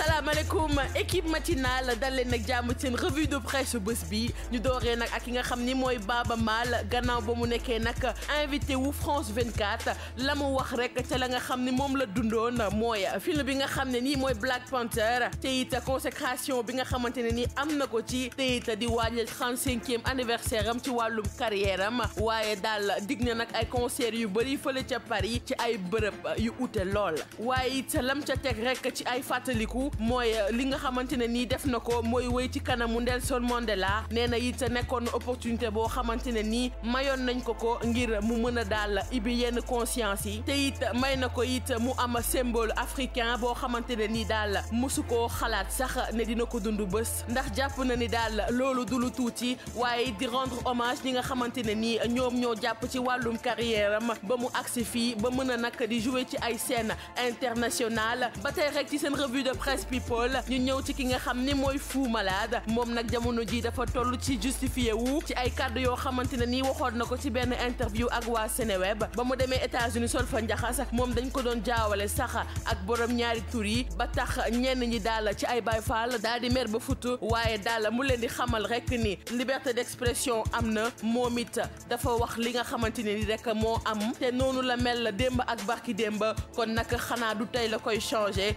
salaamaaleykum équipe matinale dal leen nag revue de presse bés bi ñu dooree nag ak ki nga Baba Mal gannaaw ba mu invité wu France 24 la mu wax rek la nga ni la dundoon mooy film bi nga xam Black Panther te it consécration bi nga xamante ne te it di waajal 35e anniversaire am ci wàllum carrière am dignanak dal digg na ay concert yu bëri fële ca Paris ci ay yu lool lam ca teg rek ci mooy euh, li nga xamante ne nii def na ko mooy wéy ci kanamu Nelson Mandela nee na it nekkoon opportunité boo xamante ne nii mayoon nañ ko ko ngir mu mën a daal ibi yenn conscience yi te it may na ko it mu am symbole africain boo xamante ne nii daal mosu koo xalaat sax ne dina ko dund bés ndax jàpp na ni daal loolu du lu tuuti waaye di rendre hommage ñi nga xamante ne nii ñoom ñoo jàpp ci wàllum carrière am ba mu agsi fii ba mën a nag di jouer ci ay scène internationale Thiès People ñu ñëw ci ki nga xam ni mooy Fou Malade moom nag jamono ji dafa toll ci justifié wu ci ay kàddu yoo xamante ne nii waxoon na ko ci benn interview ak waa Seneweb ba mu demee États-Unis sol fa njaxas moom dañ ko doon jaawale sax ak boroom ñaari tur yi ba tax ñenn ñi daal ci ay baay Fall daal di mer ba futu waaye daal mu leen di xamal rek ni liberté d'expression am na moom it dafa wax li nga xamante ne ni rek moo am te noonu la mel démb ak barki démb kon nag xanaa du tey la koy changé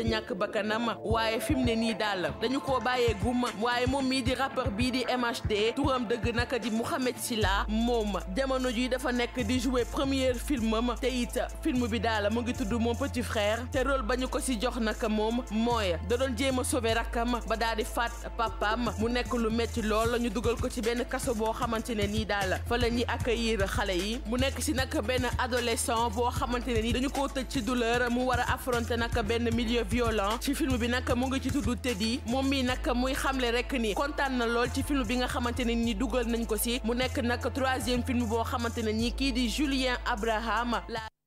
waaja ñàkk bakkanam waaye fi mu ne ni daal dañu ko bàyyee gum waye mom mi di rappeur bi di MHD touram deug nak di Mohamed Silla mom. jamono ji dafa nek di jouer premier filmam te it film bi dal mo ngi tudd mon petit frère te rôle bañu ko si jox nak mom moy da doon jéem sauver rakam ba dal di faat papam mu nek lu metti lol ñu duggal ko ci ben kasso bo xamantene ni dal fa la accueillir xalé yi mu nek ci nak ben adolescent bo xamantene ne dañu ko tecc ci douleur mu wara affronter nak ben milieu milieu violent ci film bi nag mu ngi ci tudd Teddy moom mii nag muy xamle rek nii kontaan na lool ci film bi nga xamante ne nii dugal nañ ko si mu nekk nag troisième film boo xamante ne ni kii di Julien Abraham la